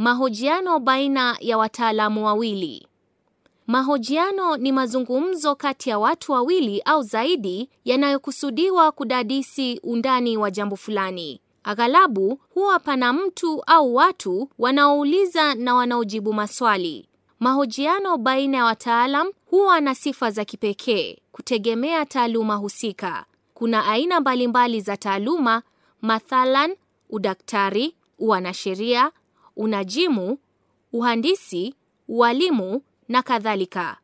Mahojiano baina ya wataalamu wawili. Mahojiano ni mazungumzo kati ya watu wawili au zaidi yanayokusudiwa kudadisi undani wa jambo fulani. Aghalabu huwa pana mtu au watu wanaouliza na wanaojibu maswali. Mahojiano baina ya wataalam huwa na sifa za kipekee kutegemea taaluma husika. Kuna aina mbalimbali za taaluma, mathalan udaktari, uanasheria unajimu, uhandisi, ualimu na kadhalika.